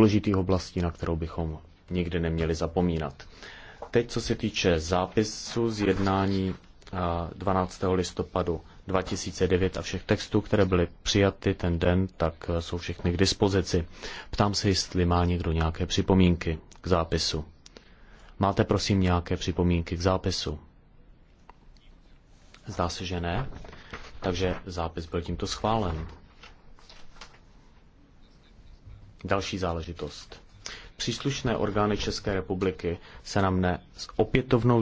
důležitých oblastí, na kterou bychom nikdy neměli zapomínat. Teď, co se týče zápisu z jednání 12. listopadu 2009 a všech textů, které byly přijaty ten den, tak e, jsou všechny k dispozici. Ptám se, jestli má někdo nějaké připomínky k zápisu. Máte prosím nějaké připomínky k zápisu? Zdá se, že ne. Takže zápis byl tímto schválen. Další záležitost. Příslušné orgány České republiky se na mne s opětovnou